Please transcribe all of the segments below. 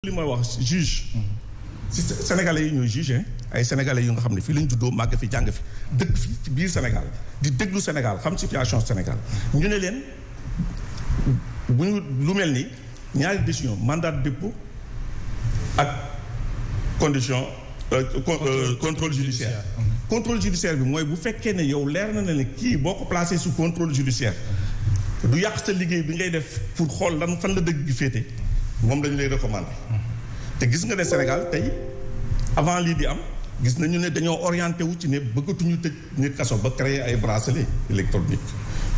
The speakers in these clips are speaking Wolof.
li mooy wax juge si sénégalais yi ñooy juge ay sénégalais yu nga xam ne fii lañ juddoo màgg fi jàng fi dëkk fi ci biir sénégal di déglu sénégal xam situation sénégal ñu ne leen bu ñu lu mel ni ñaari décision mandat de ak condition euh, euh, contrôle judiciaire contrôle judiciaire bi mooy bu fekkee ne yow leer na ne kii boo ko placé sous contrôle judiciaire du yàq sa liggéey bi ngay def pour xool lan fan la dëgg gi féete moom dañu lay recommander. te gis nga ne Sénégal tey avant lii di am gis nañu ne dañoo orienté wu ci ne bëggatuñu tëj nit kaso ba créer ay bracelet électronique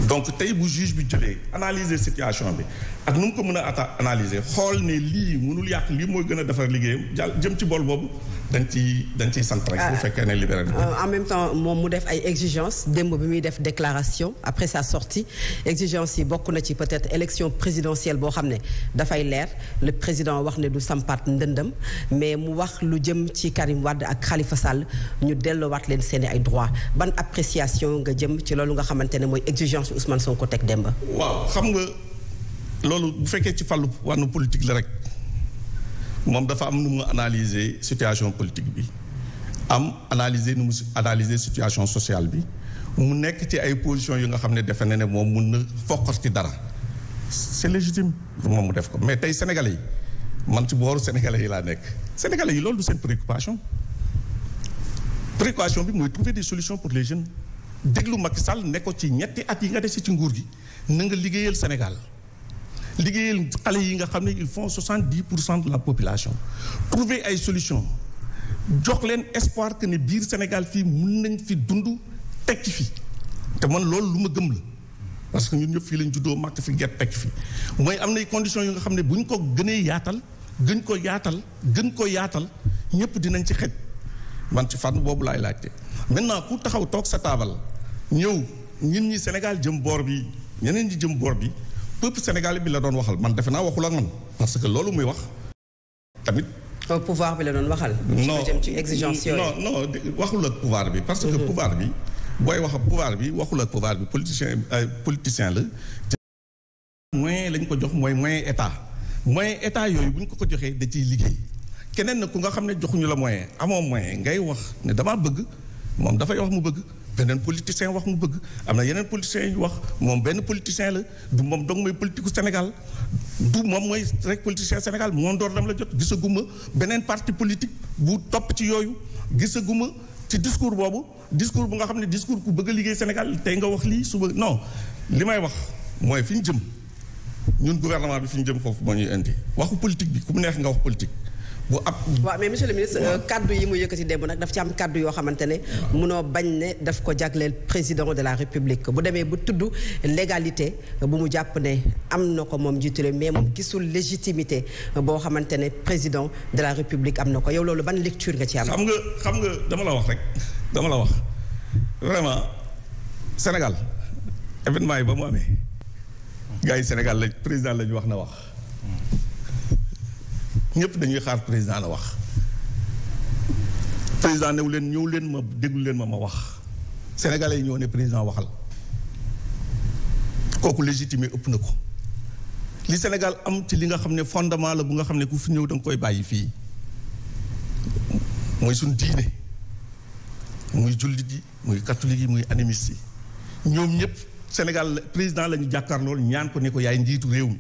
donc tey bu juge bi jëlee analyser situation bi ak nu mu ko mën a ata analyser xool ne lii mënul yàq lii mooy gën a defar liggéeyam jàll jëm ci bool boobu dañ ci dañ ciy sant rek bu ah. fekkee ne libéré euh, en même temps moom mu def ay exigences démb bi muy def déclaration après sa sortie exigence yi bokk na ci peut-être élection présidentielle boo xam ne dafay leer le président wax ne du sampaat ndëndëm mais mu wax lu jëm ci Karim Wade ak xalifa Sall ñu delloowaat leen seeni ay droits ban appréciation nga jëm ci loolu nga xamante ne mooy exigence soo ko teg démb. waaw xam nga loolu bu fekkee ci fàllu wàllu politique la rek. moom dafa am nu mu analyser situation politique bi am analyser nu mu analyser situation sociale bi mu nekk ci ay position yu nga xam ne defe na ne moom mun na fokkos ci dara c'est légitime moom mu def ko mais tey sénégalais yi man ci booru sénégalais yi laa nekk sénégalais yi loolu du seen préoccupation préoccupation bi mooy trouver des solutions pour les jeunes déglu Macky Sall nekko ci ñetti at yi nga dese ci nguur gi na nga liggéeyal Sénégal liggéeyal xale yi nga xam ne il faut soixante dix pour cent de la population trouver ay solution jox leen espoir que ne biir Sénégal fii mun nañ fi dund tekki fi te man loolu lu ma gëm la parce que ñun ñëpp fii lañ juddoo màkk fi gert tekki fi mooy am nay conditions yu nga xam ne bu ñu ko gënee yaatal gën ko yaatal gën ko yaatal ñëpp dinañ ci xej man ci fànn boobu laay laajte naa ku taxaw toog sa taabal ñëw ñun ñi Sénégal jëm boor bi ñeneen ñi jëm boor bi peuple sénégale bi la doon waxal man defe naa waxul ak man parce que loolu muy wax tamit. pouvoir bi la doon waxal. non jëm ci exigence yooyu. waxul ak pouvoir bi. parce que mhm. pouvoir bi booy wax ak pouvoir bi waxul ak pouvoir bi politicien ay politicien la. moyen lañ ko jox mooy moyen état moyen état yooyu buñ ko ko joxee da ciy liggéey keneen na ku nga xam ne joxuñu la moyen amoo moyen ngay wax ne damaa bëgg moom dafay wax mu bëgg. beneen politicien wax mu bëgg am na yeneen politiciens yu wax moom benn politicien la du moom dong mooy politiku Sénégal du moom mooy rek politicien Sénégal moom door dam la jot gisaguma beneen parti politique bu topp ci yooyu gisaguma ci discours boobu discours bu nga xam ne discours ku bëgg a liggéey Sénégal tey nga wax lii suba non li may wax mooy fi ñu jëm ñun gouvernement bi fi ñu jëm foofu moo ñuy indi waxu politique bi ku mu neex nga wax politique bu ab. waaw mais monsieur le ministre euh, kaddu yi mu yëkkati bu nag daf ci am kaddu yoo xamante ne munoo bañ ne daf ko jagleel président de la république bu demee bu tudd légalité bu mu jàpp ne am na ko moom jiitu mais moom gisul légitimité boo xamante ne président de la république am na ko yow loolu ban lecture nga ci am. xam nga xam nga dama la wax rek dama la wax vraiment Sénégal événement yi ba mu amee gars yi Sénégal lañ président lañ wax na wax. ñëpp dañuy xaar président la wax président new leen ñëw leen ma déglu leen ma ma wax sénégalais yi ñoo ne président waxal kooku légitimé ëpp na ko li Sénégal am ci li nga xam ne fondement la bu nga xam ne ku fi ñëw danga koy bàyyi fii mooy suñ diine muy jullit yi muy catholique yi muy animiste yi ñoom ñëpp Sénégal président la ñu jàkkaar loolu ñaan ko ne ko yaay njiitu réew mi.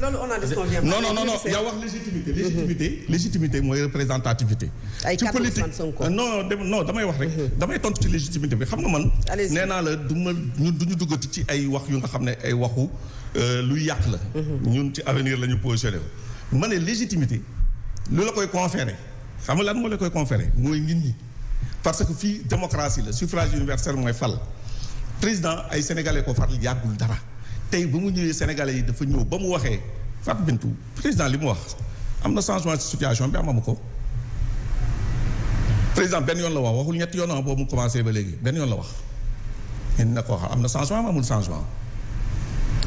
loolu on a disconvient. non non non yaa wax mm-hmm. mooy représentativité. ay ci politique non damay wax rek. Mm-hmm. damay tontu ci légitimité bi xam nga man. nee naa la du ma ñun du ñu duggati ci ay wax yu nga xam ne ay waxu euh, luy yàq la. Mm-hmm. ñun ci avenir la ñu positionné ma ne légitimité lu la koy conféré xam nga lan moo la koy conféré mooy nit ñi parce que fii démocratie la suffrage universel mooy fal. président ay sénégalais ko faral yàggul dara tey ba mu ñëwee sénégalais yi dafa ñëw ba mu waxee Fatou bintu président li mu wax am na changement ci situation bi amamu ko président benn yoon la wax waxul ñetti yoon ah, boobu mu commencé ba léegi benn yoon la wax ñun na ko wax am na changement amul changement.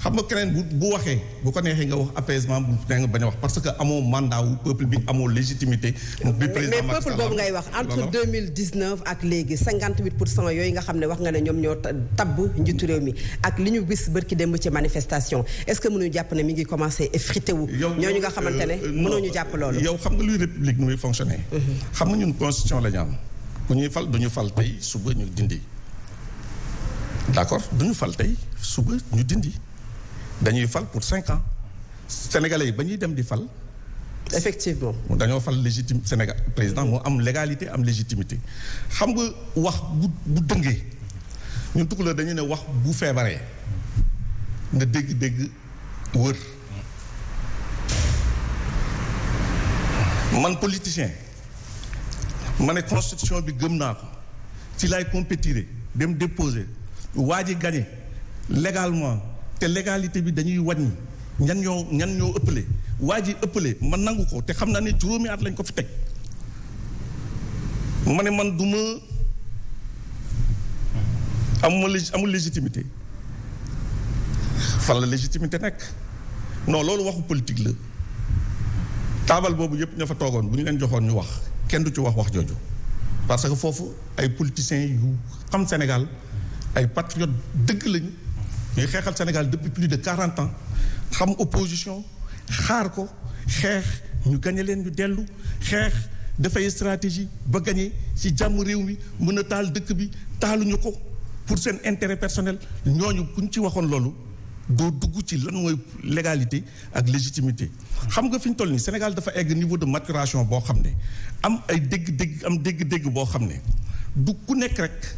xam nga keneen bu bu waxee bu ko neexee nga wax apaisement bu ne a wax parce que amoo mandat wu peuple bi amoo légitimité. mais peuple boobu ngay wax entre deux mille ak léegi cinquante huit pour cent yooyu nga xam ne wax nga ne ñoom ñoo tabb njiitu réew mi ak li ñu bis bërki démb ci manifestation est ce que mënuñu jàpp ne mi ngi commencé effrité wu. ñooñu nga xamante ne euh, euh, mënuñu jàpp loolu. yow xam nga luy république nu muy fonctionné. Mm-hmm. xam na ñun constitution la ñu am bu ñuy fal du ñu fal tey d' accord du ñu fal tey suba ñu dindi. dañuy fal pour cinq ans sénégalais yi ba ñuy dem di fal. effectivement dañoo fal légitime Sénégal président moo am légalité am légitimité xam nga wax bu bu dëngee ñun tukkuloo dañu ne wax bu feebaree nga dégg-dégg wër man politicien ma ne constitution bi gëm naa ko ci lay compétiré dem déposer waa ji gagné légalement te légalité bi dañuy wàññi ñan ñoo ñan ñoo ëppale waa ji ëppale ma nangu ko te xam naa ne juróomi at lañ ko fi teg ma ne man du ma amuma lég amul légitimité fan la légitimité nekk non loolu waxu politique la taabal boobu yëpp ñoo fa toogoon bu ñu leen joxoon ñu wax kenn du ci wax wax jooju parce que foofu ay politiciens yu xam Sénégal ay patriotes dëgg lañu ñuy xeexal Sénégal depuis plus de quarante ans xam opposition xaar ko xeex ñu gañe leen ñu dellu xeex dafay stratégie ba gañe ci jàmm réew mi mën a taal dëkk bi taaluñu ko pour seen intérêt personnel ñooñu kuñ ci waxoon loolu doo dugg ci lan mooy légalité ak légitimité xam nga fi ñu toll nii Sénégal dafa egg niveau de maturation boo xam ne am ay dégg-dégg am dégg-dégg boo xam ne du ku nekk rek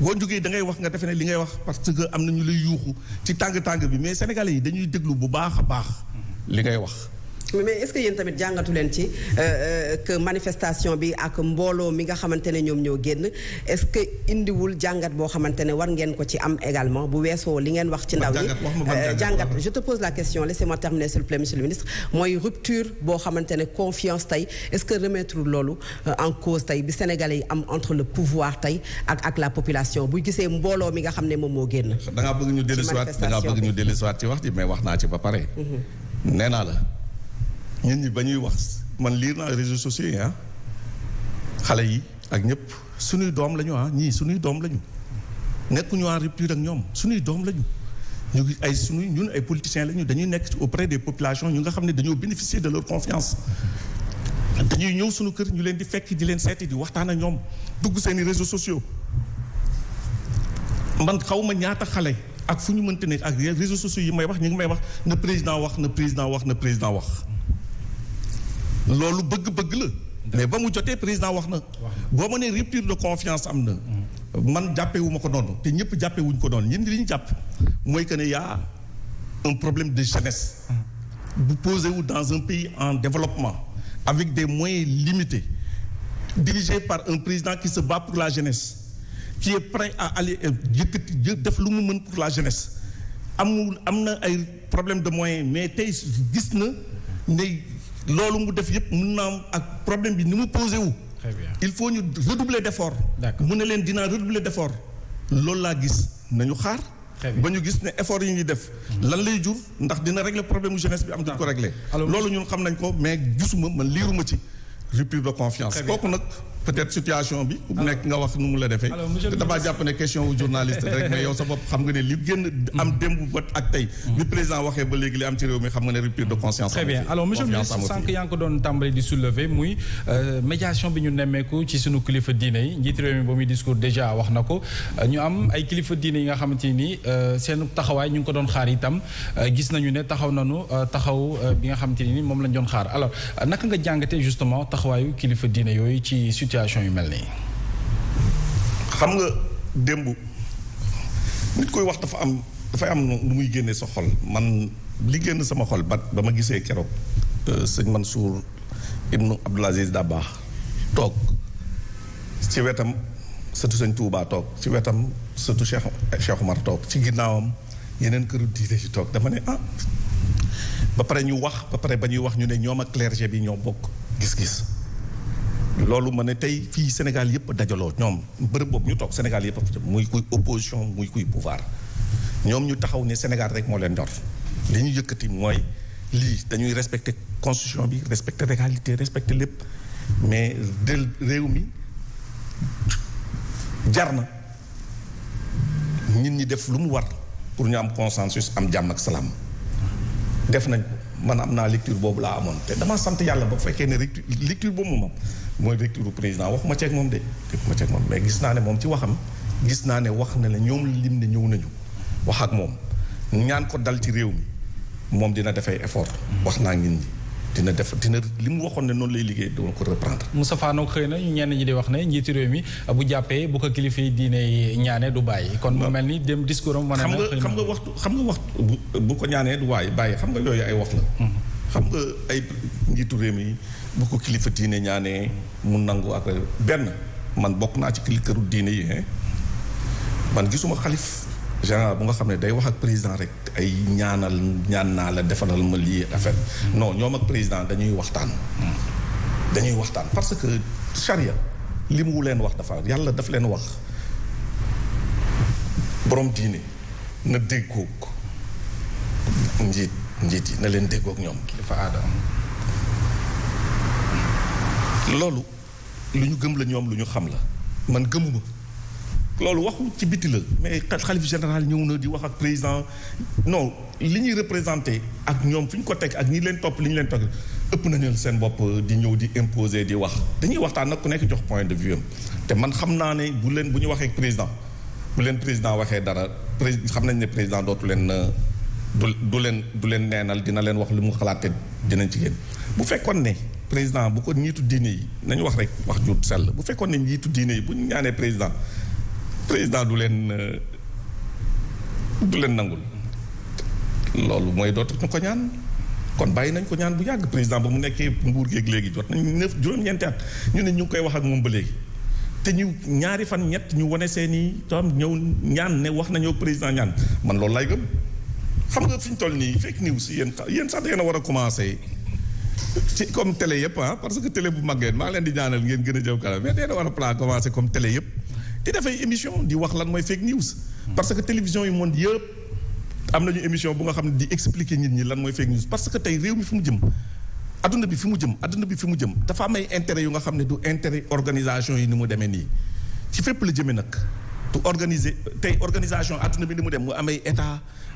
boo jógee dangay wax nga defe ne li ngay wax parce que am na ñu lay yuuxu ci tàng tàng bi mais sénégalais yi dañuy déglu bu baax a baax li ngay wax mais est-ce que yéen tamit jàngatu leen ci euh, euh, que manifestation bi ak mbooloo mi nga xamante ne ñoom ñoo génn est-ce que indiwul jàngat boo xamante ne war ngeen ko ci am également bu weesoo li ngeen wax ci ndaw yi jàngat euh, je te pose la question laissez-moi terminer s'il vous plaît monsieur ministre mooy rupture boo xamante ne confiance tey est-ce que remettre loolu en cause tey bi Sénégalais yi am entre le pouvoir tey ak ak la population bu gisee mbooloo mi nga xam ne moom moo génn wax ji mais mhm. la ñun ñi ba ñuy wax man liir naa réseaux sociaux yi ah. xale yi ak ñëpp suñuy doom lañu ah ñii suñuy doom lañu nekkuñu en rupture ak ñoom suñuy doom lañu ñu ay suñuy ñun ay politiciens lañu dañuy nekk auprès des populations ñu nga xam ne dañoo bénéficier de leur confiance. dañuy ñëw suñu kër ñu leen di fekk di leen seeti di waxtaan ak ñoom dugg seeni réseaux sociaux man xaw ma ñaata xale ak fu ñu mënti nekk ak réseaux sociaux yi may wax ñu ngi may wax na président wax na président wax na président wax. loolu bëgg-bëgg la mais ba mu jotee président wax na boo ma nee rupture de confiance am na man jàppewuma ko noonu te ñëpp jàppewuñ ko noonu ñun li ñu jàpp mooy que ne y'a un problème de jeunesse bu posé wu dans un pays en développement avec des moyens limités dirigé par un président qui se bat pour la jeunesse qui est prêt à aller yëkkati def lu mu mën pour la jeunesse amul am na ay problème de moyens mais tey gis na ne loolu mu def yëpp mun naa am ak problème bi ni mu posé wu. très il faut ñu redoubler d' effort. mu ne leen dinaa redoubler d' effort. loolu laa gis nañu xaar. ba ñu gis ne effort yi ñuy def. lan lay jur ndax dina regle problème mu bi am duñ ko régler. loolu ñun xam nañ ko mais gisuma man liiruma ci rupture de confiance. kooku nag. peut-être situation bi. ku nekk nga wax nu mu la defee. te damaa jàpp ne question journaliste rek yow sa bopp xam nga ne li génn am démb bët ak tey. bi mm. président waxee ba léegi li am ci réew mi xam nga ne rupture de mm. conscience. très bien alors monsieur muy euh, médiation bi ñu nemmeeku ci sunu kilifa diine yi njiit réew mi ba muy discours déjà wax na ko euh, ñu am ay kilifa diine yi nga xamante ni euh, seen taxawaay ñu ngi ko doon xaar itam gis nañu ne taxaw nañu taxaw bi nga xamante ni moom lañ doon xaar alors naka nga jàngatee justement taxawaayu kilifa diine yooyu ci situation yu mel nii. xam nga démb nit koy wax dafa am dafay am lu muy génnee sa xol man li génn sama xol ba ba ma gisee keroog euh, sëñ Mansour ibnu Abdoul Aziz Dabakh toog ci wetam satu sëñ Touba toog ci wetam sëtu Cheikh Cheikh Omar toog ci ginnaawam yeneen këru diine ci toog dama ne ah ba pare ñu wax ba pare ba ñuy wax ñu ne ñoom ak clergé bi ñoo bokk gis-gis loolu ma ne tey fii Sénégal yëpp dajaloo ñoom bërëb boobu ñu toog Sénégal yëpp muy kuy opposition muy kuy pouvoir ñoom ñu taxaw ni Sénégal rek moo leen dor li ñu yëkkati mooy lii dañuy respecter constitution bi respecter légalité respecter lépp mais del réew mi jar na nit ñi def lu mu war pour ñu am consensus am jàmm ak salaam def nañ man am naa lecture boobu laa amoon te dama sant yàlla ba fekkee ne lecture lecture boobu moom mooy lecture bu président waxuma ceeg moom de waxuma ceeg moom mais gis naa ne moom ci waxam gis naa ne wax na ne ñoom lim ne ñëw nañu wax ak moom ñaan ko dal ci réew mi moom dina defay effort wax naa ngin ñi dina def dina li mu waxoon ne noonu lay liggéey doon ko reprendre. Moustapha nag xëy na ñenn ñi di wax ne njiitu réew mi bu jàppee bu ko kilifa yi diine ñaane du bàyyi. kon mu mel ni dem discours am. xam nga xam nga waxtu xam nga waxtu bu ko ñaanee du waay bàyyi xam nga yooyu ay wax la. Mhm. xam nga ay njiitu réew mi bu ko kilifa diine ñaane mu nangu ak benn man bokk naa ci këru diine yi man gisuma xalif général bu nga xam ne day wax ak président rek ay ñaanal ñaan naa la defaral ma lii affaire mm-hmm. non ñoom ak président dañuy waxtaan mm-hmm. dañuy waxtaan parce que charia li mu leen wax dafa yàlla daf leen wax borom diine na déggoog njiit njiit yi na leen déggoog ñoom kilifa aadam loolu lu ñu gëm la ñoom lu ñu xam la man gëmuma loolu waxu ci biti la mais xalif général ñëw na di wax ak président non li ñuy représenté ak ñoom fi ñu ko teg ak ñii leen topp li ñu leen topp ëpp nañu seen bopp di ñëw di imposer di wax dañuy waxtaan nag ku nekk jox point de vue am te man xam naa ne bu leen bu ñu waxee président bu leen président waxee dara président xam nañ ne président dootu leen du du leen du leen neenal dina leen wax li mu xalaatee dinañ ci génn bu fekkoon ne président bu ko ñiitu diine yi nañu wax rek wax ju sell bu fekkoon ne ñiitu diine bu ñu ñaanee président président du leen du leen nangul loolu mooy dootuñu ko ñaan kon bàyyi nañ ko ñaan bu yàgg président ba mu nekkee nguur géeg léegi jot nañ neuf juróom-ñeenti at ñu ne ñu ngi koy wax ak moom ba léegi te ñu ñaari fan ñett ñu wane seen i tam ñëw ñaan ne wax nañoo président ñaan man loolu laay gëm xam nga fi ñu toll nii fake news si yéen sax da ngeen a war a commencé ci comme télé yëpp ah parce que télé bu màggeen maa leen di ñaanal ngeen gën a jëm kanam mais da di def ay émission di wax lan mooy fake news. parce que télévision yu monde yëpp am nañu émission bu nga xam ne di expliquer nit ñi lan mooy fake news parce que tey réew mi fu mu jëm. adduna bi fi mu jëm adduna bi fi mu jëm dafa am ay intérêt yu nga xam ne du intérêt organisation yi ni mu demee nii ci fépp la jëmee nag. pour organiser tey organisation àdduna bi ni mu dem mu amay état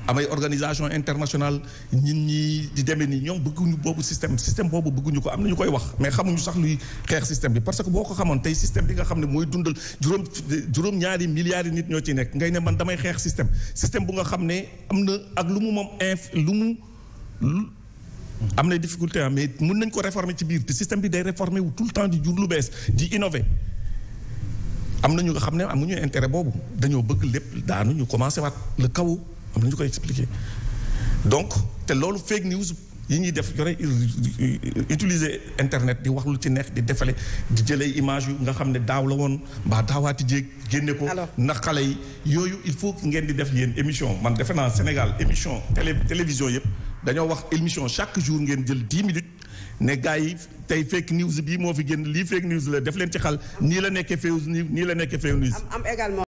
amay organisation internationale ñit ñi di demee nii ñoom bëgguñu boobu système système boobu bëgguñu ko am na ñu koy wax mais xamuñu sax luy xeex système bi parce que boo ko xamoon tey système bi nga xam ne mooy dundal juróom juróom ñaari milliards yi nit ñoo ci nekk ngay ne man damay xeex système système bu nga xam ne am na ak lu mu moom inf lu mu am na difficulté ah, mais mun nañ ko réformer ci biir te système bi day réformer wu tout le di jur bees di innover am na ñu nga xam ne amuñu intérêt boobu dañoo bëgg lépp daanu ñu commencé waat le kaw am na ñu koy expliquer donc te loolu fake news yi ñuy def yore utiliser internet di wax lu ci neex di defale di jële image yu nga xam ne daaw la woon mbaa daawaati jéeg génne ko na xale yi yooyu il faut que ngeen di def yéen émission man defe naa Sénégal émission télé télévision yëpp dañoo wax émission chaque jour ngeen jël dix ne gars yi tey fake news bii moo fi génn lii fake news la def leen ci xal nii la nekkee fake news nii la nekke fake news. am am